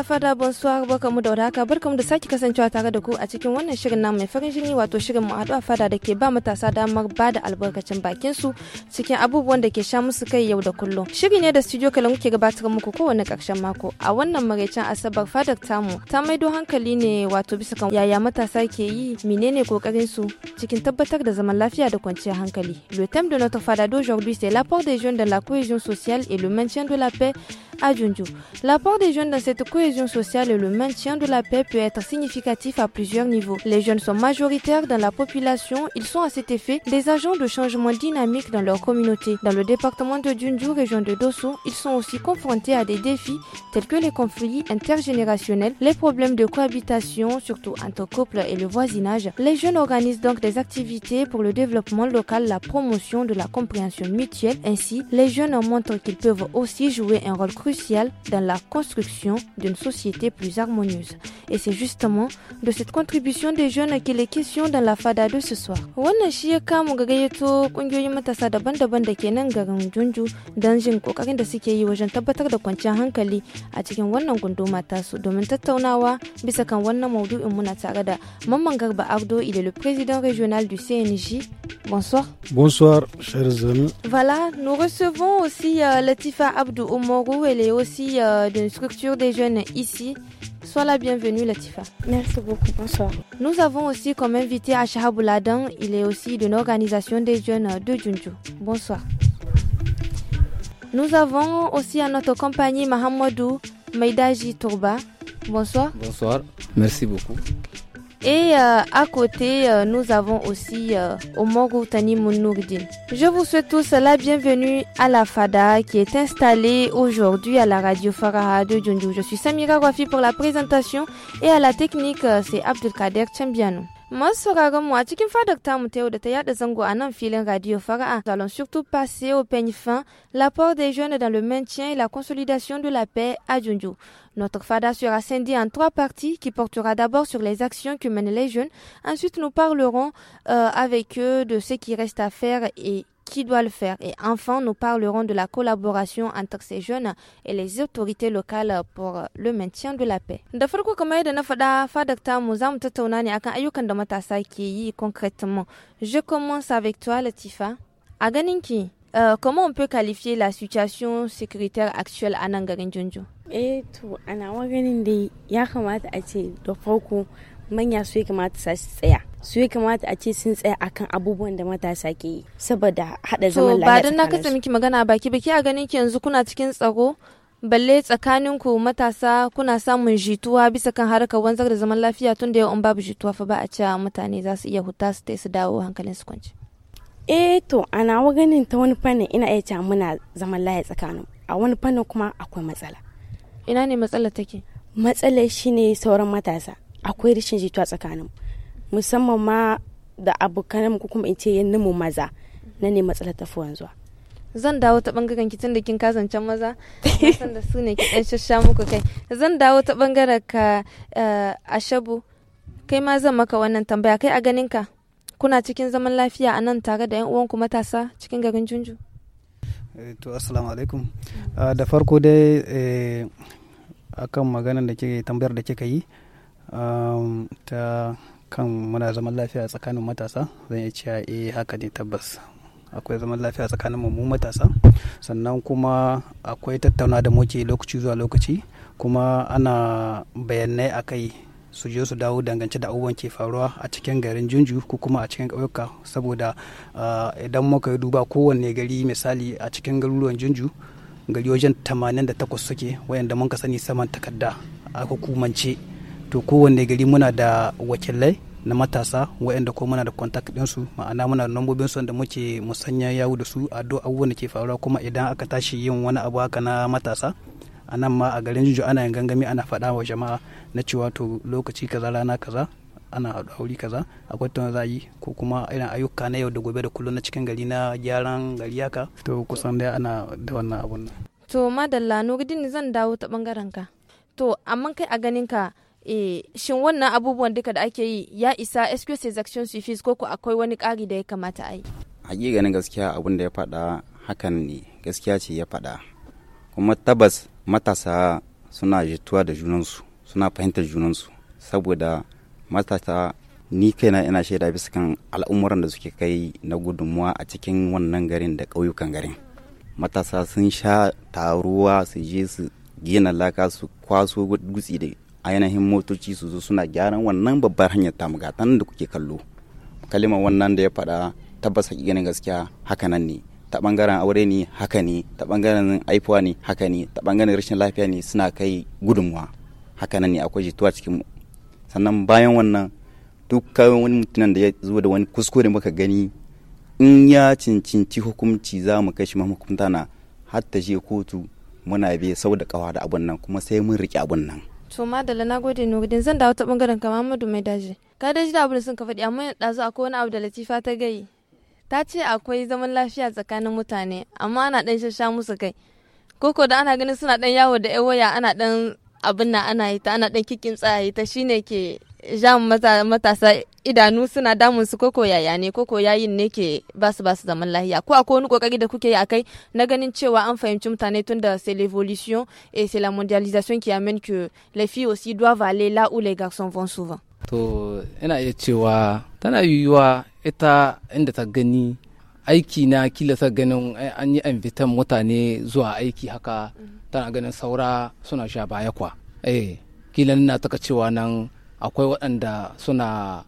la fada baka mu da wadaka barkamu da sake kasancewa tare da ku a cikin wannan shirin namu mai farin jini wato shirin mu a fada da ke ba matasa damar ba da albarkacin bakin su cikin abubuwan da ke sha musu kai yau da kullum. Shiri ne da studio kalan kuke gabatar muku kowane karshen mako a wannan maraicen asabar fadar tamu ta maido hankali ne wato bisa kan yaya matasa ke yi menene kokarin su cikin tabbatar da zaman lafiya da kwanciyar hankali. Le thème de notre fada d'aujourd'hui c'est l'apport des jeunes dans la cohésion sociale et le maintien de la paix à Junju. L'apport des jeunes dans cette social sociale et le maintien de la paix peut être significatif à plusieurs niveaux. Les jeunes sont majoritaires dans la population, ils sont à cet effet des agents de changement dynamique dans leur communauté. Dans le département de Djundju, région de Dosso, ils sont aussi confrontés à des défis tels que les conflits intergénérationnels, les problèmes de cohabitation, surtout entre couples et le voisinage. Les jeunes organisent donc des activités pour le développement local, la promotion de la compréhension mutuelle. Ainsi, les jeunes montrent qu'ils peuvent aussi jouer un rôle crucial dans la construction d'une société plus harmonieuse. Et c'est justement de cette contribution des jeunes qu'il est question dans la fada de ce soir. Wannan shi ya kamu ga gayyato kungiyoyin matasa daban-daban da ke nan garin Junju don jin kokarin da suke yi wajen tabbatar da kwanciyar hankali a cikin wannan gunduma tasu domin tattaunawa bisa kan wannan maudu'in muna tare da Mamman Garba Abdo il est le président régional du CNG. Bonsoir. Bonsoir, chers amis. Voilà, nous recevons aussi euh, Latifa Abdu Omoru, elle est aussi euh, structure des jeunes ici. Sois la bienvenue, Latifa. Merci beaucoup, bonsoir. Nous avons aussi comme invité Ashah Ladan. Il est aussi d'une organisation des jeunes de Junju. Bonsoir. Nous avons aussi à notre compagnie Mahamadou Maidaji Tourba. Bonsoir. Bonsoir, merci beaucoup. Et euh, à côté, euh, nous avons aussi euh, Omogo Tani Je vous souhaite tous la bienvenue à la FADA qui est installée aujourd'hui à la radio Faraha de Djundjou. Je suis Samira Wafi pour la présentation et à la technique, euh, c'est Abdelkader Tchembiano. Nous allons surtout passer au peigne fin, l'apport des jeunes dans le maintien et la consolidation de la paix à Junju. Notre fada sera scindée en trois parties qui portera d'abord sur les actions que mènent les jeunes. Ensuite, nous parlerons euh, avec eux de ce qui reste à faire et qui doit le faire. Et enfin, nous parlerons de la collaboration entre ces jeunes et les autorités locales pour le maintien de la paix. Da farko est yadda na faɗa fadak tamu za mu tattauna ne akan ayyukan da matasa ke yi concrètement. Je commence avec toi Latifa. A ganinki, euh, comment on peut qualifier la situation sécuritaire actuelle à nan garin Junju? Eh to, ana ganin dai ya kamata a ce da farko manya su ya kamata su tsaya. su ya kamata a ce sun tsaya akan abubuwan da matasa ke yi saboda hada zaman lafiya ba don na kasa miki magana baki ba a ganin ki yanzu kuna cikin tsaro balle tsakanin ku matasa kuna samun jituwa bisa kan harkar wanzar da zaman lafiya tun da yau an babu jituwa fa ba a cewa mutane za su iya huta su su dawo hankalin su kwance eh to ana wa ganin ta wani fannin ina iya cewa muna zaman lafiya tsakanin a wani fannin kuma akwai matsala ina ne matsala take matsalar shine sauran matasa akwai rashin jituwa tsakanin mu musamman ma da abokanan ko kuma in ce yan mu maza na ne matsalar tafi wanzuwa zan dawo ta bangaren ki tun da kin kasance maza san da su ne ki dan shasha muku kai zan dawo ta bangaren ka eh, ashabu kai ma zan maka wannan tambaya kai a ganin ka kuna cikin zaman lafiya a nan tare da yan uwanku matasa cikin garin junju eh, to assalamu alaikum ah, da farko dai eh, akan maganar da ke tambayar da kika yi ah, ta kan muna zaman lafiya tsakanin matasa zan iya cewa eh haka ne tabbas akwai zaman lafiya tsakanin mu matasa sannan kuma akwai tattauna da muke lokaci zuwa lokaci kuma ana bayanai a kai su je su dawo dangance da abubuwan ke faruwa a cikin garin junju ko kuma a cikin ƙauyuka saboda ah, idan muka yi duba kowanne gari misali a cikin garuruwan junju gari wajen 88 suke wayanda mun ka sani saman takarda a hukumance to kowanne gari muna da wakilai na matasa waɗanda ko muna da kontak ɗinsu ma'ana muna da lambobin su da muke musanya yawo da su a do abubuwan da ke faruwa kuma idan aka tashi yin wani abu haka na matasa a nan ma a garin juju ana yin gangami ana faɗa wa jama'a na cewa to lokaci kaza rana kaza ana haɗu aure kaza a kwatan za yi ko kuma irin ayyuka na yau da gobe da kullum na cikin gari na gyaran gari haka to kusan dai ana da wannan abun to madalla nuruddin zan dawo ta bangaren ka to amma kai a ganin ka eh shin wannan abubuwan duka da ake yi ya isa excuse section suffice ko akwai wani ƙari da ya kamata a yi hakikanin gaskiya abin da ya faɗa hakan ne gaskiya ce ya faɗa kuma tabbas matasa suna jituwa da junansu suna fahimtar junansu saboda matasa ni kaina ina shaida bisa kan al'umuran da suke kai na gudunmuwa a cikin wannan garin da ƙauyukan garin matasa sun sha taruwa su je su gina laka su kwaso gutsi da a yanayin motoci su zo suna gyaran wannan babbar hanyar tamu gatan da kuke kallo kalima wannan da ya faɗa tabbas hakikanin gaskiya haka nan ne ta bangaren aure ne haka ne ta bangaren aifuwa ne haka ne ta bangaren rashin lafiya ne suna kai gudunmuwa haka nan ne akwai jituwa cikin mu sannan bayan wannan dukkan wani mutumin da ya zo da wani kuskure muka gani in ya cincinci hukumci za mu kai shi mahukunta na hatta je kotu muna biya sau da kawa da abun nan kuma sai mun rike abun nan to da na gode nurudin zan dawo ta bangaren ka Muhammadu mai daji ka da abu da sun ka faɗi amma ɗazu akwai wani abu da latifa ta gayi ta ce akwai zaman lafiya tsakanin mutane amma ana ɗan shasha musu kai koko da ana ganin suna dan yawo da yan waya ana dan abin na ana yi ta ana ɗan kikin tsaye ta shine ke jan matasa idanu suna damun su koko yaya ne koko yayin ne ke basu basu zaman lahiya ko akwai wani kokari da kuke yi kai na ganin cewa an fahimci mutane tun da c'est l'évolution et c'est la mondialisation qui amène que les filles aussi doivent aller là où les garçons vont souvent to ina iya cewa tana yiwuwa ita inda ta gani aiki na kila ta ganin an yi invitan mutane zuwa aiki haka mhm. tana ganin saura suna sha baya kwa eh kila na taka cewa nan akwai waɗanda suna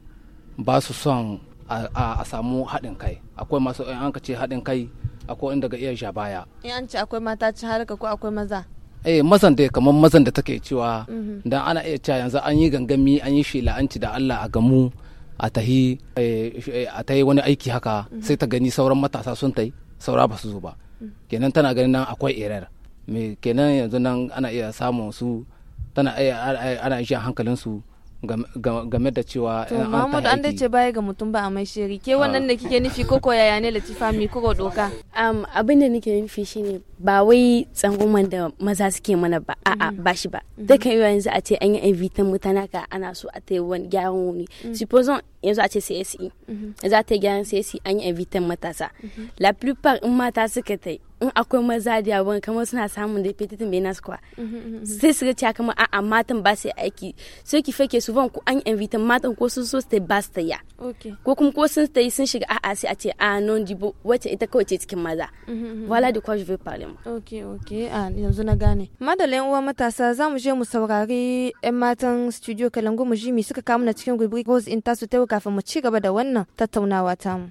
ba su son a samu haɗin kai akwai masu an ka ce haɗin kai akwai inda ga iya sha baya in an ce akwai mata ci harka ko akwai maza eh mazan dai kamar mazan da take cewa mhm. dan ana iya cewa yanzu an yi gangami an yi shela an ci da Allah a gamu a tahi eh, eh, a tahi wani aiki haka mhm. sai ta gani sauran matasa sun tai saura ba su zo ba mm. kenan tana ganin nan akwai irar me kenan yanzu nan ana iya samun su tana ana iya hankalin su game da cewa to Muhammadu an dace baya ga mutum ba a mai shiri ke wannan da kike nufi koko yaya ne Latifa mi koko doka abin da nake nufi shine ba wai tsangwaman da maza suke mana ba a'a mm-hmm. ba shi ba mm-hmm. duka yau yanzu a ce an yi invitan mutane ka ana so a ta yi wani gyaran wuni mm. supposons yanzu a ce CSE mhm. za ta gyara CSE an yi invitan matasa mhm. la plupart in mata suka ta in akwai maza da yawon kamar suna samun da fetitin bai nasu kuwa mhm, sai su ce kamar a'a matan ba su aiki sai ki fake su ban ku an invitan matan ko sun so su ba su ya ko kuma ko sun yi sun shiga a'a sai a ce a non dibo wacce ita kawai ce cikin maza wala da quoi je parle Ma. ok ok a yanzu na gane madalin uwa matasa za mu je mu saurari yan matan studio kalangu mu ji mi suka kawo na cikin rubric rose in tasu ta kafin mu ci gaba da wannan tattaunawa tamu.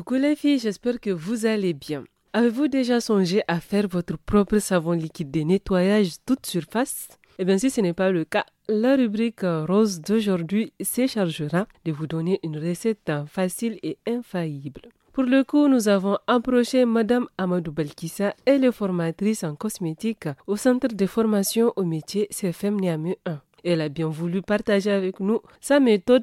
Coucou les filles, j'espère que vous allez bien. Avez-vous déjà songé à faire votre propre savon liquide de nettoyage toute surface Eh bien, si ce n'est pas le cas, la rubrique rose d'aujourd'hui se chargera de vous donner une recette facile et infaillible. Pour le coup, nous avons approché Madame Amadou Balkissa, elle est formatrice en cosmétique au Centre de formation au métier CFM Niamey 1. Elle a bien voulu partager avec nous sa méthode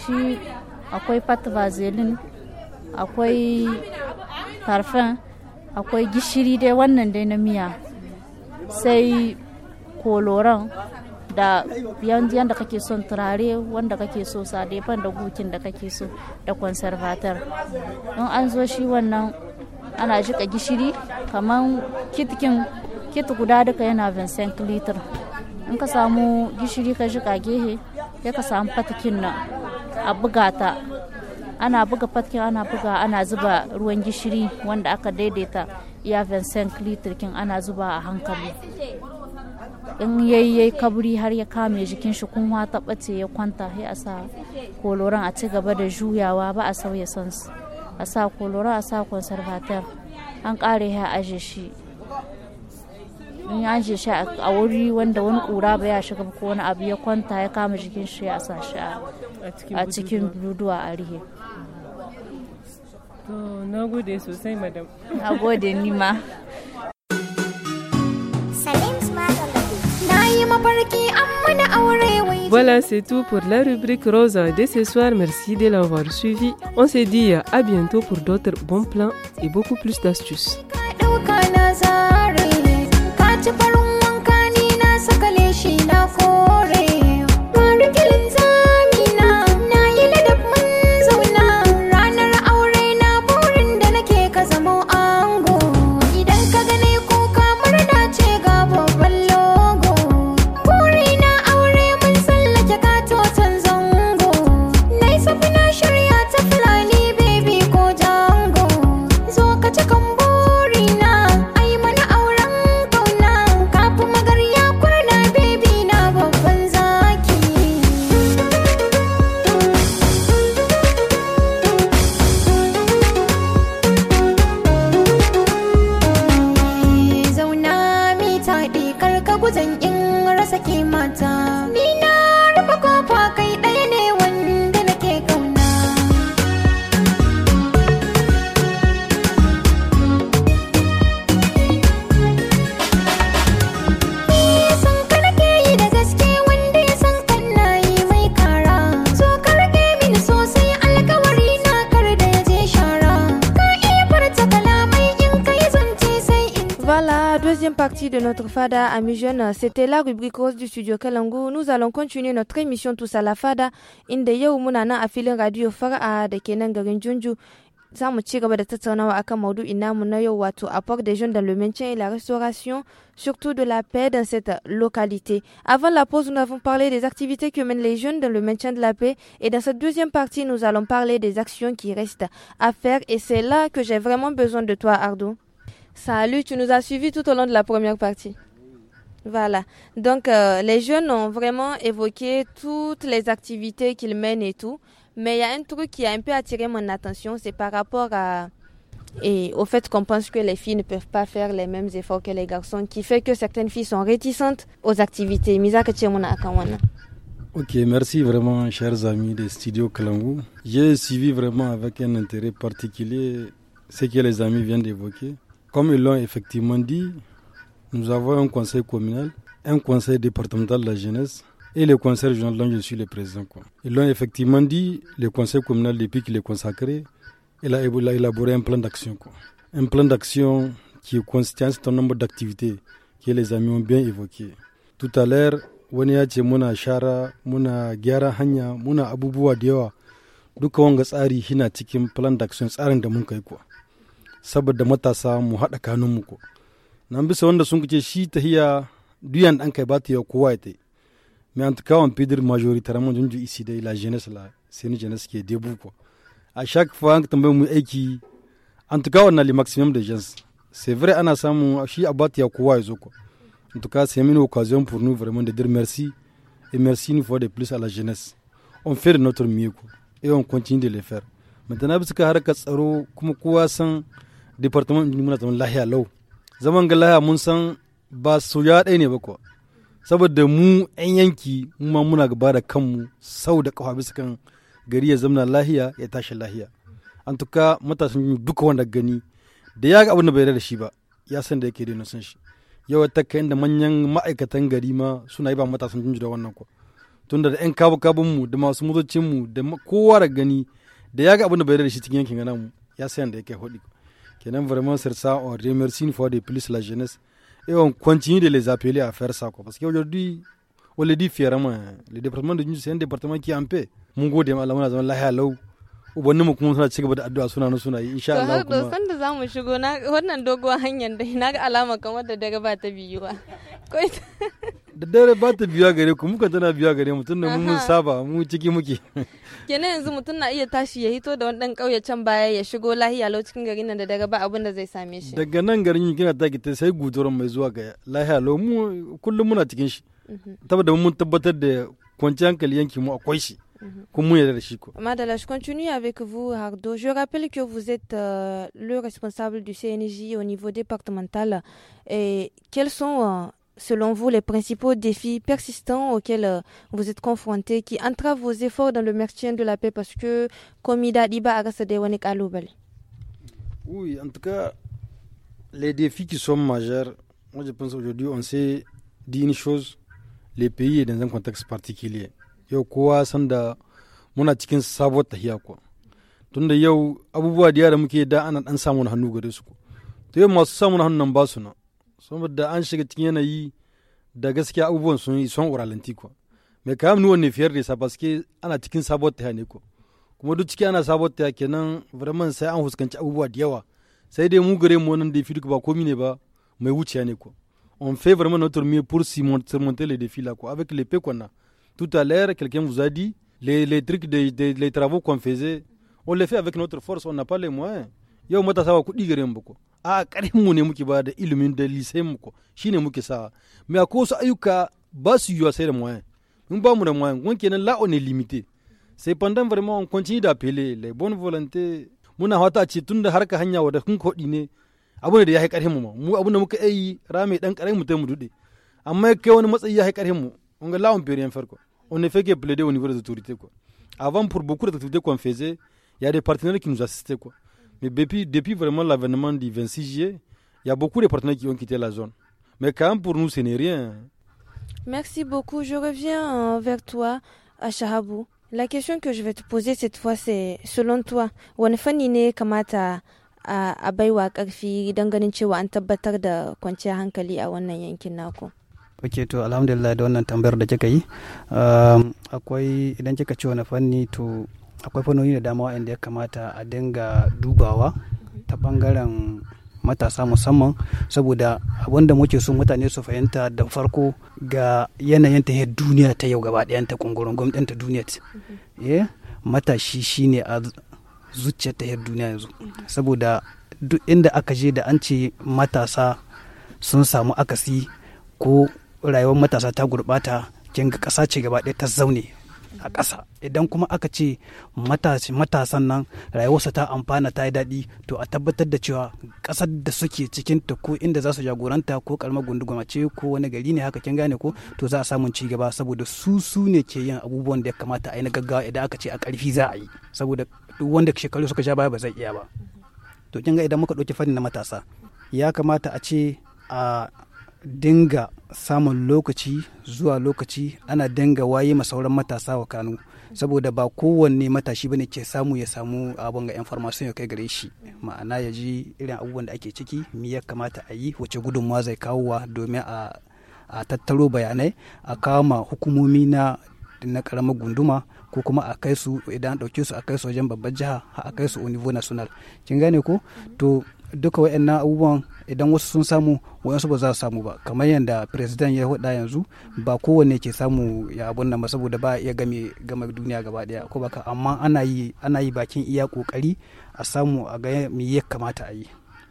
shi akwai pat vaselin akwai parfum akwai gishiri dai wannan dai na miya sai koloran da yadda kake son turare wanda kake so sa da gukin da kake so da conservator in an zo shi wannan ana jika gishiri kamar kitkin kit guda duka yana vincent litre in ka samu gishiri ka jika gehe ya ka samu fatakin nan a buga ta ana buga fatkin ana buga ana zuba ruwan gishiri wanda aka daidaita ya vincent litirkin ana zuba a hankali in yayi yayi kaburi har ya kame jikin shi kunwa ta bace ya kwanta sai a sa koloran a ci gaba da juyawa ba a sauya sans a sa koloran a sa conservator an kare ya aje shi in ya aje shi a wuri wanda wani kura ba ya shiga ko wani abu ya kwanta ya kama jikin shi ya sa shi a Voilà, c'est tout pour la rubrique rosa de ce soir. Merci de l'avoir suivi. On se dit à bientôt pour d'autres bons plans et beaucoup plus d'astuces. de notre Fada amis jeunes. C'était la rubrique rose du studio Kalangu. Nous allons continuer notre émission tous à la Fada. Inde yau muna a radio fara à de nan garin Junju. Za mu da tattaunawa akan namu na yau wato des jeunes dans le maintien et la restauration, surtout de la paix dans cette localité. Avant la pause, nous avons parlé des activités que mènent les jeunes dans le maintien de la paix et dans cette deuxième partie, nous allons parler des actions qui restent à faire et c'est là que j'ai vraiment besoin de toi, Ardo. Salut, tu nous as suivis tout au long de la première partie. Voilà. Donc, euh, les jeunes ont vraiment évoqué toutes les activités qu'ils mènent et tout. Mais il y a un truc qui a un peu attiré mon attention, c'est par rapport à, et au fait qu'on pense que les filles ne peuvent pas faire les mêmes efforts que les garçons, qui fait que certaines filles sont réticentes aux activités. Ok, merci vraiment, chers amis des studios Kalangu. J'ai suivi vraiment avec un intérêt particulier ce que les amis viennent d'évoquer. Comme ils l'ont effectivement dit, nous avons un conseil communal, un conseil départemental de la jeunesse et le conseil régional dont je suis le président. Ils l'ont effectivement dit, le conseil communal, depuis qu'il est consacré, il a élaboré un plan d'action. Un plan d'action qui constitue un certain nombre d'activités que les amis ont bien évoquées. Tout à l'heure, muna shara muna hanya muna abubuwa da duka wanga hina plan d'action tsarin da saboda matasa mu haɗa kanunmu ko nan bisa wanda sun kace shi hiya duyan ɗan kai ba ta yau kowa ya ta mai en tout cas on peut mun majoritairement junju isi dai la jeunesse la sai ni jeunesse ke debu ko a à chaque fois an tambaye mu aiki en tout cas li le maximum de gens c'est vrai ana samu shi a ba ta yau kowa ya zo ko en tout cas c'est une occasion pour nous vraiment de dire merci et merci une fois de plus à la jeunesse on fait de notre mieux quoi et on continue de le faire maintenant parce ka harakat tsaro kuma kowa san department ɗin muna zaman lahiya lau zaman ga lahiya mun san ba ya ɗaya ne ba kuwa saboda mu 'yan yanki mu ma muna gaba da kanmu sau da kafa bisa kan gari ya zamna lahiya ya tashi lahiya an tuka matasan duka wanda gani da ya ga abin da bai da shi ba ya san da yake daina san shi yau ta kai da manyan ma'aikatan gari ma suna yi ba matasan jinju da wannan kuwa tunda da 'yan kabu kabu mu da masu motocin mu da kowa da gani da ya ga abin da bai da shi cikin yankin ganin mu ya san da yake hudu Kenan vraiment sur ça, on remercie une fois de plus la jeunesse et on continue de les appeler à faire ça. Quoi. Parce qu'aujourd'hui, on le dit fièrement, hein. le département de Niger, c'est un département qui est en paix. Mon gode, ubanninmu kuma suna cigaba da addu'a suna suna yi insha Allah kuma. To har da zamu shigo na wannan doguwar hanyar da na ga alama kamar da daga ba ta biyuwa da dare ba ta biya gare ku muka tana biya gare mu tunda mun saba mu ciki muke kenan yanzu mutum na iya tashi ya hito da wani dan kauye can baya ya shigo lahiya lau cikin garin nan da daga ba abin da zai same shi daga nan garin kina ta kita sai guturan mai zuwa ga lahiya lau mu kullum muna cikin shi mhm. saboda mun tabbatar da kwanciyar hankali yanki mu akwai shi mhm. Madala, je continue avec vous, Hardo. Je rappelle que vous êtes euh, le responsable du CNJ au niveau départemental. Et quels sont euh, selon vous, les principaux défis persistants auxquels euh, vous êtes confrontés qui entravent vos efforts dans le maintien de la paix parce que Komida Diba Agasadewanek Aloubal Oui, en tout cas, les défis qui sont majeurs, moi je pense aujourd'hui, on sait dire une chose les pays sont dans un contexte particulier. Yau kowa san da muna cikin sabuwar tahiya kuwa. Tunda yau abubuwa da yara muke da ana dan samun hannu gare su. To yau masu samun hannun ba su nan saboda an shiga cikin yanayi da gaskiya abubuwan sun yi son wuralanti kuwa mai kayan ni wanne fiyar da sabaske ana cikin sabuwar ta ne ko kuma duk ciki ana sabuwar ta kenan vraiment sai an fuskanci abubuwa da yawa sai dai mu gare mu wannan da fi duka ba komi ne ba mai wuciya ne ko on fait vraiment notre mieux pour surmonter les défis là quoi avec les paix qu'on a tout à l'heure quelqu'un vous a dit les, les trucs des, des les travaux qu'on faisait on les fait avec notre force on n'a pas les moyens yau matasa ba kuɗi gare mu ko a ƙarfin mu ne muke bada ilimin da lisai mu ko shine muke sawa me ko wasu ayyuka ba su yiwa sai da moyen mun ba mu da moyen kuma kenan la on est limité c'est pendant vraiment on continue d'appeler les bonnes volontés muna fata ce tunda harka hanya da kun koɗi ne abu ne da ya yi ƙarfin mu mu abu da muka yi rame dan ƙarfin mu ta mu dude amma kai wani matsayi ya yi ƙarfin mu on ga la on peut rien faire quoi on ne fait que plaider au niveau des autorités quoi avant pour beaucoup d'autorités qu'on faisait il y a des partenaires qui nous assistaient quoi mais depuis, depuis vraiment l'avènement du 26 juillet, il y a beaucoup de partenaires qui ont quitté la zone. Mais quand même, pour nous, ce n'est rien. Merci beaucoup. Je reviens euh, vers toi, à Shahabou. La question que je vais te poser cette fois, c'est selon toi, wani ne kamata a, baywa baiwa karfi don ganin cewa an tabbatar da kwanciyar hankali a wannan yankin naku? ok to alhamdulillah da wannan tambayar da kika yi um, akwai idan kika ce wani fanni to akwai fannoni da dama inda ya kamata a dinga dubawa ta bangaren matasa musamman saboda abinda muke so mutane su fahimta da farko ga yanayin ta duniya ta yau gaba ta kungurin gwamnatin ta duniya eh, matashi shine a zuciyar ta duniya yanzu saboda duk inda aka je da an ce matasa sun samu akasi ko rayuwar matasa ta gurbata kin ga kasa ce gaba ɗaya ta zaune a ƙasa idan kuma aka ce matasan nan rayuwarsa ta amfana ta yi daɗi to a tabbatar da cewa ƙasar da suke cikin ta ko inda za su jagoranta ko karamar gunduguma ce ko wani gari ne haka kin gane ko to za a samun ci gaba saboda su su ne ke yin abubuwan da ya kamata a yi na gaggawa idan aka ce a ƙarfi za a yi saboda duk wanda shekaru suka sha baya ba zai iya ba to kin ga idan muka ɗauki fannin na matasa ya kamata a ce a dinga samun lokaci zuwa lokaci ana dinga waye ma sauran matasa wa Kano saboda ba kowanne matashi bane ke samu ya samu abin ga information ya kai gare shi ma'ana ya ji irin abubuwan da ake ciki me ya kamata a yi wace gudunmawa zai kawo wa domin a a tattaro bayanai a kama hukumomi na na karamar gunduma ko kuma a kai su idan dauke ɗauke su a kai su wajen babbar jiha a kai su au niveau national kin gane ko to duka waɗannan abubuwan idan wasu sun samu wayansu ba za su samu ba kamar yadda president ya hudu yanzu ba kowanne ke samu ya abun nan ba saboda ba iya game game duniya gaba daya ko baka amma ana yi ana yi bakin iya kokari a samu a ga me ya kamata a yi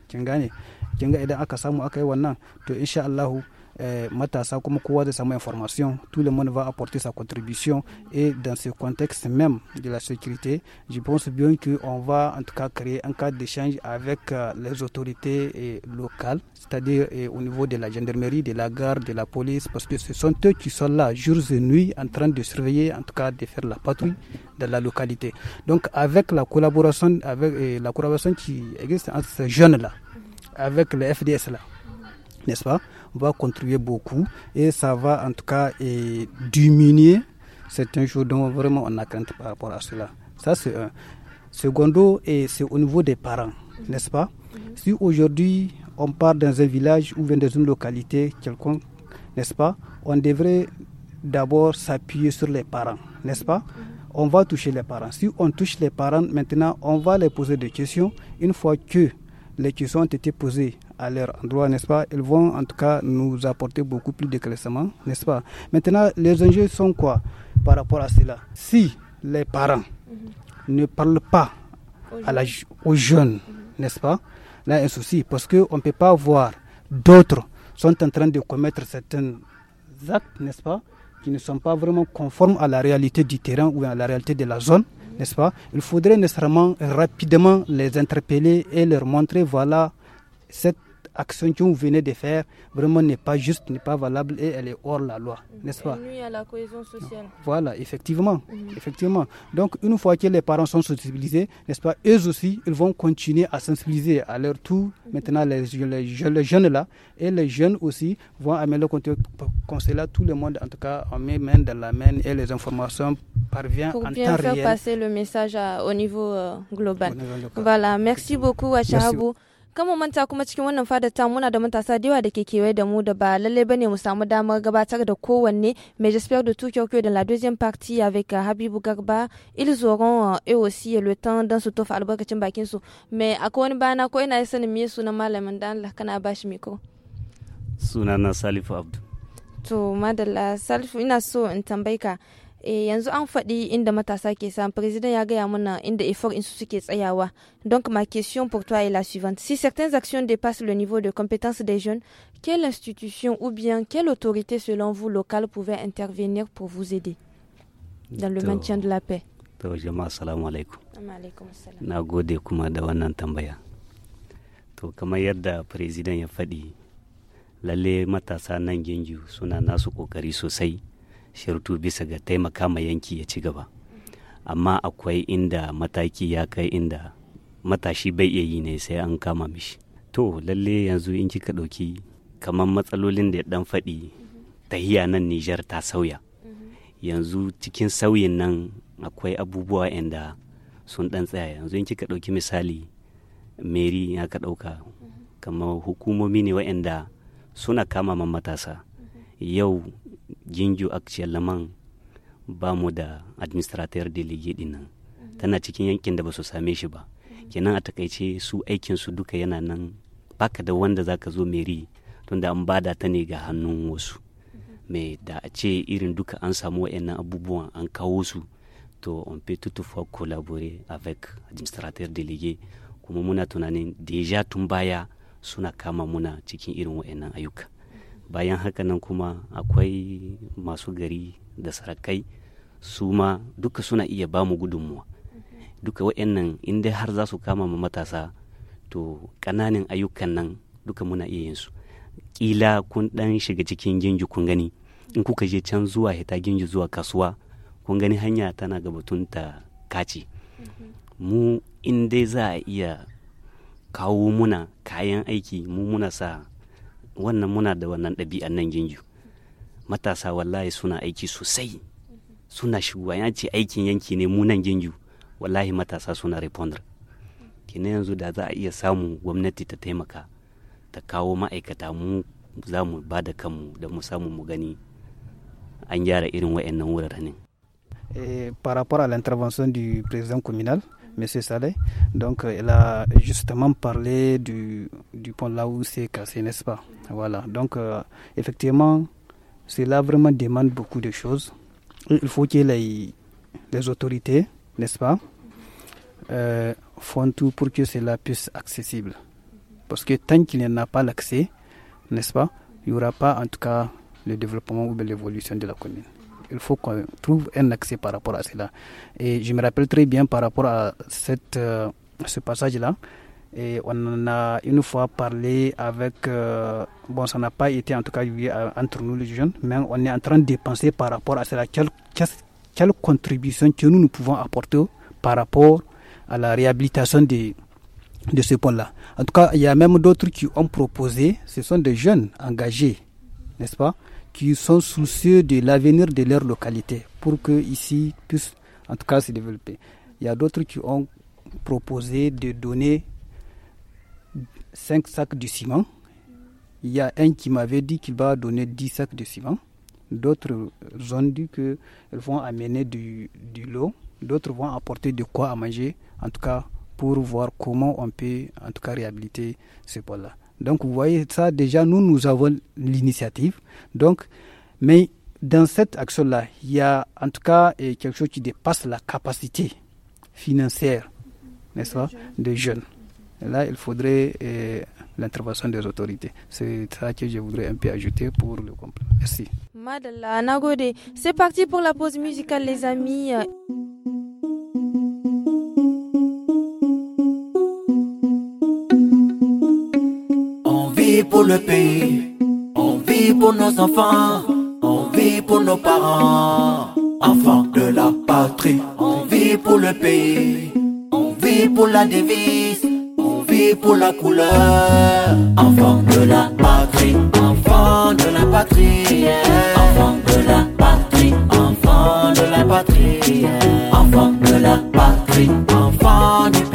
kin gane kin ga idan aka samu aka yi wannan to insha Allahu Eh, Mata quoi de sa main information tout le monde va apporter sa contribution et dans ce contexte même de la sécurité je pense bien qu'on va en tout cas créer un cadre d'échange avec euh, les autorités eh, locales c'est-à-dire eh, au niveau de la gendarmerie de la gare de la police parce que ce sont eux qui sont là jour et nuit en train de surveiller en tout cas de faire la patrouille de la localité donc avec la collaboration avec la collaboration qui existe entre ces jeunes là avec le FDS là n'est-ce pas va contribuer beaucoup et ça va en tout cas et eh, diminuer certains jour dont vraiment on a crainte par rapport à cela. Ça, c'est un. Secondo, eh, c'est au niveau des parents, n'est-ce pas mhm. Si aujourd'hui on part dans un village ou vient dans une localité quelconque, n'est-ce pas On devrait d'abord s'appuyer sur les parents, n'est-ce pas mhm. On va toucher les parents. Si on touche les parents, maintenant on va les poser des questions. Une fois que les questions ont été posées à leur endroit, n'est-ce pas Elles vont en tout cas nous apporter beaucoup plus de classement, n'est-ce pas Maintenant, les enjeux sont quoi par rapport à cela Si les parents mhm. ne parlent pas à aux jeunes, mhm. n'est-ce pas Là, a un souci, parce qu'on ne peut pas voir d'autres sont en train de commettre certains actes, n'est-ce pas Qui ne sont pas vraiment conformes à la réalité du terrain ou à la réalité de la zone n'est-ce pas Il faudrait nécessairement rapidement les interpeller et leur montrer, voilà, cette action que vous venez de faire vraiment n'est pas juste, n'est pas valable et elle est hors la loi, mm. n'est-ce pas nuit à la cohésion sociale. Voilà, effectivement, mm. effectivement. Donc une fois que les parents sont sensibilisés, n'est-ce pas, eux aussi, ils vont continuer à sensibiliser à leur tour. Mm. Maintenant les, jeunes là et les jeunes aussi vont amener le conseil là. Tout le monde, en tout cas, en met main dans la main et les informations parviennent Pour bien faire passer le message au niveau euh, global. voilà, merci beaucoup à kan manta kuma cikin wannan fadar ta muna da matasa da yawa da ke kewaye da mu da ba lallai bane mu samu damar gabatar da kowanne mais j'espère de tout cœur que dans la deuxième partie avec euh, habibu Garba ils auront euh, eux aussi euh, le temps dan su tofa albarkacin bakin su mais akwai wani bana ko ina sanin me sunan malamin dan Allah kana bashi miko sunana Salifu Abdu to madalla Salifu ina so in tambayka e yanzu an faɗi inda matasa ke sa president ya gaya mana inda effort suke tsayawa donc ma question pour toi est la suivante si certaines actions dépassent le niveau de compétence des jeunes quelle institution ou bien quelle autorité selon vous locale pouvait intervenir pour vous aider dans le maintien de la paix to jama'a assalamu alaikum na gode kuma da wannan tambaya to kamar yadda president ya faɗi lalle matasa nan gengiyu suna nasu kokari sosai shirtu bisa ga taimaka ma yanki ya ci gaba amma akwai inda mataki ya kai inda matashi bai iya yi ne sai an kama mishi to lalle yanzu in kika ɗauki kamar matsalolin da ya ɗan faɗi hiya nan nijar ta sauya yanzu cikin sauyin nan akwai abubuwa yanda sun dan tsaya yanzu in kika ɗauki misali meri ya ka ɗauka kamar hukumomi ne waɗanda suna kama matasa yau jinju laman ba mu da administrator delegate din tana cikin yankin da ba su same shi ba kenan a takaice su aikin su duka yana nan baka da wanda zaka zo meri tunda an bada ta ne ga hannun wasu mai da a ce irin duka an samu wa'annan abubuwan an kawo su to on peut tout fois collaborer avec administrateur délégué kuma muna tunanin deja tun baya suna kama muna cikin irin wa'annan ayyuka bayan haka nan kuma akwai masu gari da sarakai su ma duka suna iya ba mu gudunmuwa duka waɗannan in dai har za su kama mu matasa to ƙananan ayyukan nan duka muna iya yin su ƙila kun ɗan shiga cikin gingi kun gani in kuka je can zuwa hita gingi zuwa kasuwa kun gani hanya tana ga ta kaci mu in dai za a iya kawo muna kayan aiki mu muna sa wannan muna da wannan ɗabi'an nan gingiyu matasa wallahi suna aiki sosai suna shigowa ya ce aikin yanki ne munan gingiyu wallahi matasa suna reponder kina yanzu da za a iya samu gwamnati ta taimaka ta kawo ma'aikata mu za mu ba da kanmu da mu samu mu gani an gyara irin wa'annan wuraren. Eh, par rapport à l'intervention du président communal, M. Saleh. Donc, elle euh, a justement parlé du, du pont là où c'est cassé, n'est-ce pas Voilà. Donc, euh, effectivement, cela vraiment demande beaucoup de choses. Il faut que les, les autorités, n'est-ce pas, euh, font tout pour que cela puisse être accessible. Parce que tant qu'il n'y en a pas l'accès, n'est-ce pas, il n'y aura pas en tout cas le développement ou l'évolution de la commune il faut qu'on trouve un accès par rapport à cela. Et je me rappelle très bien par rapport à cette, euh, ce passage-là. Et on en a une fois parlé avec, euh, bon, ça n'a pas été en tout cas entre nous les jeunes, mais on est en train de penser par rapport à cela, quelle, contribution que nous, nous pouvons apporter par rapport à la réhabilitation des, de ce point là En tout cas, il y a même d'autres qui ont proposé, ce sont des jeunes engagés, n'est-ce pas, qui sont soucieux de l'avenir de leur localité pour que ici puisse en tout cas se développer. Il y a d'autres qui ont proposé de donner 5 sacs de ciment. Il y a un qui m'avait dit qu'il va donner 10 sacs de ciment. D'autres ont dit qu'ils vont amener du, du lot. D'autres vont apporter de quoi à manger. En tout cas, pour voir comment on peut en tout cas réhabiliter ce pôle-là. Donc vous voyez ça déjà, nous, nous avons l'initiative. Donc, mais dans cette action-là, il y a en tout cas quelque chose qui dépasse la capacité financière, n'est-ce pas, des jeunes. là, il faudrait l'intervention des autorités. C'est ça que je voudrais un peu ajouter pour le complément. Merci. Madala, Nagode, c'est parti pour la pause musicale, les amis. vit pour le pays, on vit pour nos enfants, on vit pour nos parents, enfants de la patrie. On vit pour le pays, on vit pour la devise, on vit pour la couleur, enfants de la patrie, enfants de la patrie, enfants de la patrie, enfants de la patrie, enfants de la patrie,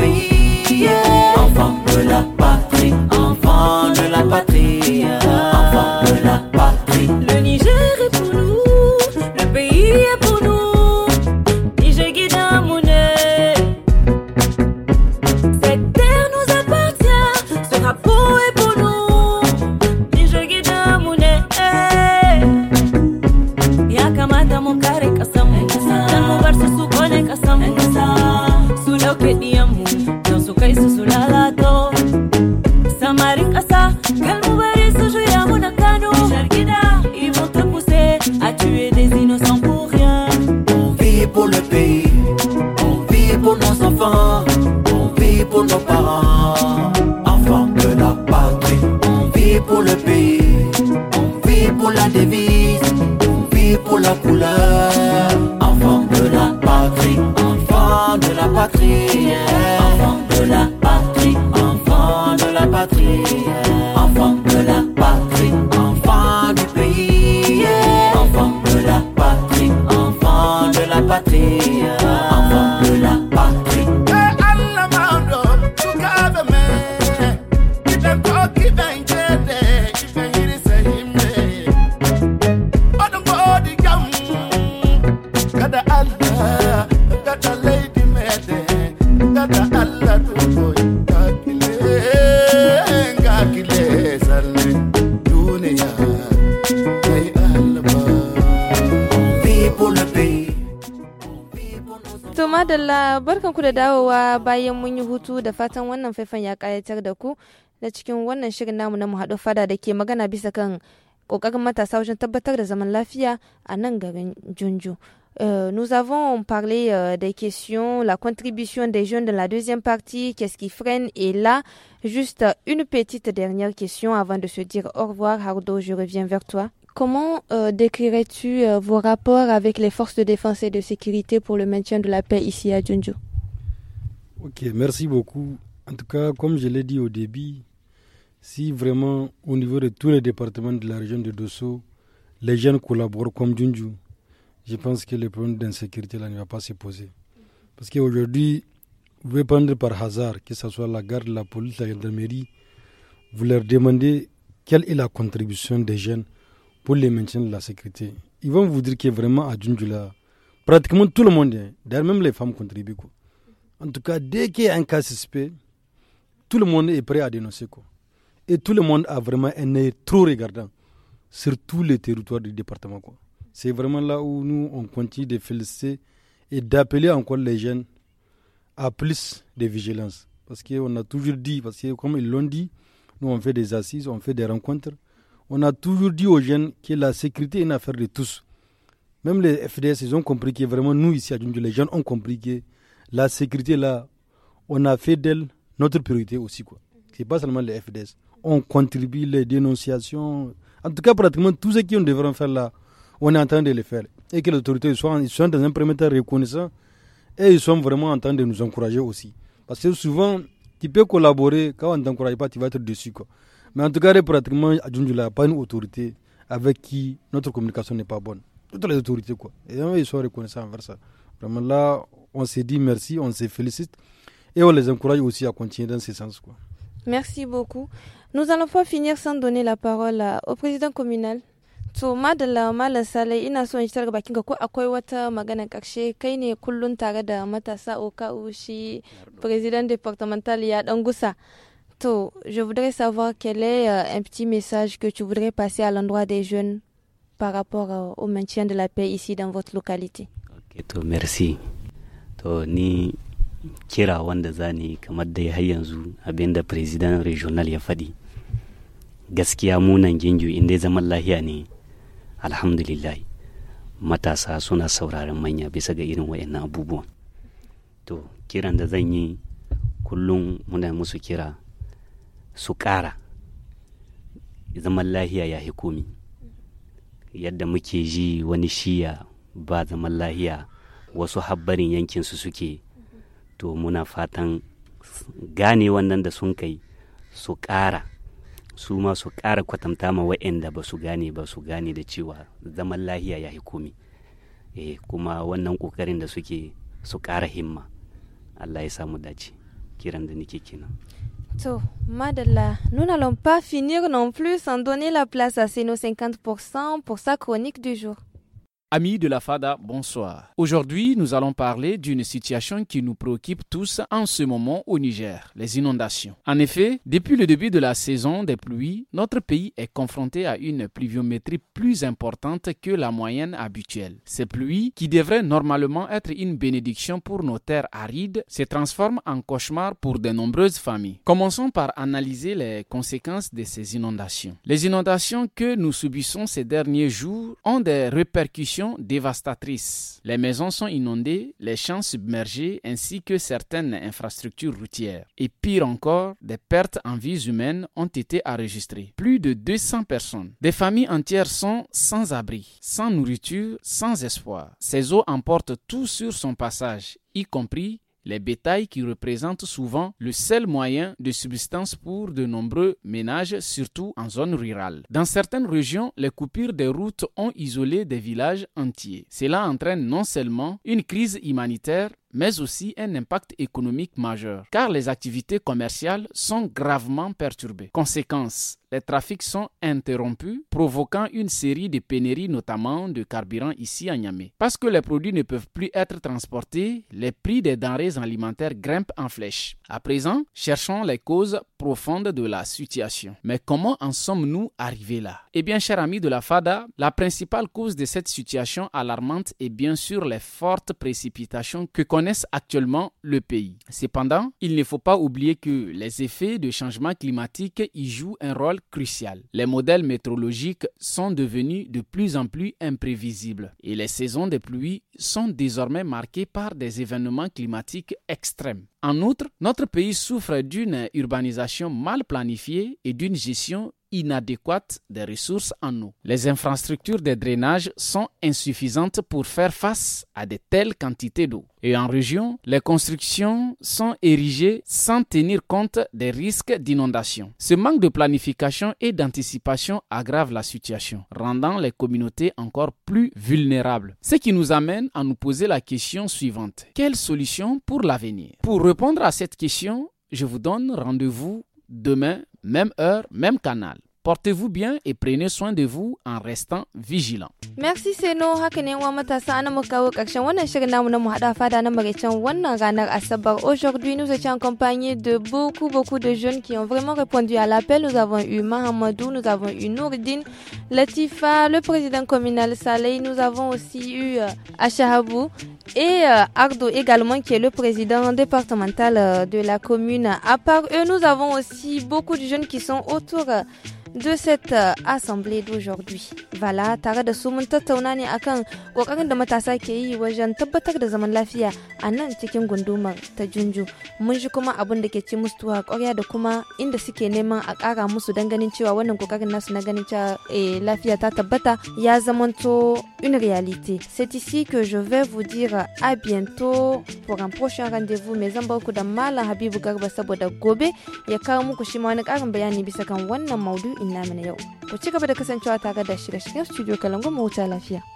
nous avons parlé uh, des questions, la contribution des jeunes dans la deuxième partie, qu'est-ce qui freine Et là, juste une petite dernière question avant de se dire au revoir. Hardo, je reviens vers toi. Comment euh, décrirais-tu euh, vos rapports avec les forces de défense et de sécurité pour le maintien de la paix ici à Djunjou Ok, merci beaucoup. En tout cas, comme je l'ai dit au début, si vraiment au niveau de tous les départements de la région de Dosso, les jeunes collaborent comme Djunjou, je pense que le problème d'insécurité là ne va pas se poser. Parce qu'aujourd'hui, vous pouvez prendre par hasard, que ce soit la garde, la police, la gendarmerie, vous leur demandez quelle est la contribution des jeunes pour les maintenir de la sécurité. Ils vont vous dire que vraiment à Djundjula, pratiquement tout le monde, même les femmes contribuent. En tout cas, dès qu'il y a un cas suspect, tout le monde est prêt à dénoncer. Quoi. Et tout le monde a vraiment un œil trop regardant sur tous les territoires du département. Quoi. C'est vraiment là où nous, on continue de féliciter et d'appeler encore les jeunes à plus de vigilance. Parce qu'on a toujours dit, parce que comme ils l'ont dit, nous on fait des assises, on fait des rencontres, on a toujours dit aux jeunes que la sécurité est une affaire de tous. Même les FDS, ils ont compris que vraiment, nous ici à nous, les jeunes ont compris que la sécurité, là, on a fait d'elle notre priorité aussi. Ce n'est pas seulement les FDS. On contribue les dénonciations. En tout cas, pratiquement tout ce qu'on devrait faire là, on est en train de le faire. Et que l'autorité soit soient dans un premier temps reconnaissant, et ils sont vraiment en train de nous encourager aussi. Parce que souvent, tu peux collaborer, quand on ne t'encourage pas, tu vas être déçu. Quoi. Mais en tout cas, pratiquement, à Djundjula, pas une autorité avec qui notre communication n'est pas bonne. Toutes les autorités, quoi. Et ils sont reconnaissants envers ça. Vraiment là, on s'est dit merci, on se félicite et on les encourage aussi à continuer dans ce sens, quoi. Merci beaucoup. Nous allons pas finir sans donner la parole euh, au président communal. to madalla Mala Sale, ina son shi ga ka ko akwai wata magana karshe kai ne kullun tare da euh, matasa okau shi president departmental ya dan gusa To, je voudrais savoir quel est euh, un petit message que tu voudrais passer à l'endroit des jeunes par rapport euh, au maintien de la paix ici dans votre localité. Ok, to, merci. To, ni kira wanda zani kamar dai har yanzu da president regional ya faɗi gaskiya munan gingiyo inda zaman lahiya ne alhamdulillah matasa suna sauraron manya bisa ga irin wayannan abubuwan to kiran da zan yi kullum muna musu kira su ƙara zaman lahiya ya komi yadda muke ji wani shiya ba zaman lahiya wasu habbarin su suke to muna fatan gane wannan da sun kai su ƙara su ma su ƙara kwatanta ma wa'anda ba su gane ba su gane da cewa zaman lahiya ya komi eh kuma wannan ƙoƙarin da suke su ƙara himma allah ya samu dace kiran da nake kenan So, nous n'allons pas finir non plus sans donner la place à ces 50% pour sa chronique du jour. Amis de la FADA, bonsoir. Aujourd'hui, nous allons parler d'une situation qui nous préoccupe tous en ce moment au Niger, les inondations. En effet, depuis le début de la saison des pluies, notre pays est confronté à une pluviométrie plus importante que la moyenne habituelle. Ces pluies, qui devraient normalement être une bénédiction pour nos terres arides, se transforment en cauchemar pour de nombreuses familles. Commençons par analyser les conséquences de ces inondations. Les inondations que nous subissons ces derniers jours ont des répercussions dévastatrice Les maisons sont inondées, les champs submergés ainsi que certaines infrastructures routières. Et pire encore, des pertes en vies humaines ont été enregistrées. Plus de 200 personnes. Des familles entières sont sans abri, sans nourriture, sans espoir. Ces eaux emportent tout sur son passage y compris les bétails qui représentent souvent le seul moyen de subsistance pour de nombreux ménages, surtout en zone rurale. Dans certaines régions, les coupures des routes ont isolé des villages entiers. Cela entraîne non seulement une crise humanitaire, mais aussi un impact économique majeur, car les activités commerciales sont gravement perturbées. Conséquence, les trafics sont interrompus, provoquant une série de pénuries, notamment de carburant ici à Niamey. Parce que les produits ne peuvent plus être transportés, les prix des denrées alimentaires grimpent en flèche. À présent, cherchons les causes profonde de la situation. Mais comment en sommes-nous arrivés là Eh bien, chers amis de la FADA, la principale cause de cette situation alarmante est bien sûr les fortes précipitations que connaissent actuellement le pays. Cependant, il ne faut pas oublier que les effets de changement climatique y jouent un rôle crucial. Les modèles météorologiques sont devenus de plus en plus imprévisibles et les saisons des pluies sont désormais marquées par des événements climatiques extrêmes. En outre, notre pays souffre d'une urbanisation mal planifiée et d'une gestion inadéquate des ressources en eau. Les infrastructures de drainage sont insuffisantes pour faire face à de telles quantités d'eau. Et en région, les constructions sont érigées sans tenir compte des risques d'inondation. Ce manque de planification et d'anticipation aggrave la situation, rendant les communautés encore plus vulnérables. Ce qui nous amène à nous poser la question suivante. Quelle solution pour l'avenir Pour répondre à cette question, je vous donne rendez-vous demain, même heure, même canal. Portez-vous bien et prenez soin de vous en restant vigilant. Merci Seno, nous. Aujourd'hui, nous étions accompagnés de beaucoup beaucoup de jeunes qui ont vraiment répondu à l'appel. Nous avons eu Mahamadou, nous avons eu Nourdine, Latifa, le président communal Saleh, nous avons aussi eu euh, Achahabou et euh, Ardo également qui est le président départemental euh, de la commune. À part eux, nous avons aussi beaucoup de jeunes qui sont autour de cette euh, assemblée d'aujourd'hui. Voilà, tare da su mun tattauna ne akan kokarin da matasa ke yi wajen tabbatar da zaman lafiya a nan cikin gundumar ta Junju. Mun ji kuma abin da ke ci musu tuwa da kuma inda suke neman a ƙara musu don ganin cewa wannan kokarin nasu na ganin cewa eh, lafiya ta tabbata ya zamanto une réalité. C'est ici que je vais vous dire à bientôt pour un prochain rendez-vous. Mais zan bar ku da Habibu Garba saboda gobe ya kawo muku shi ma wani ƙarin bayani bisa kan wannan inna mana yau. Ku ci gaba da kasancewa tare da shirye-shiryen Studio Kalangu mu lafiya.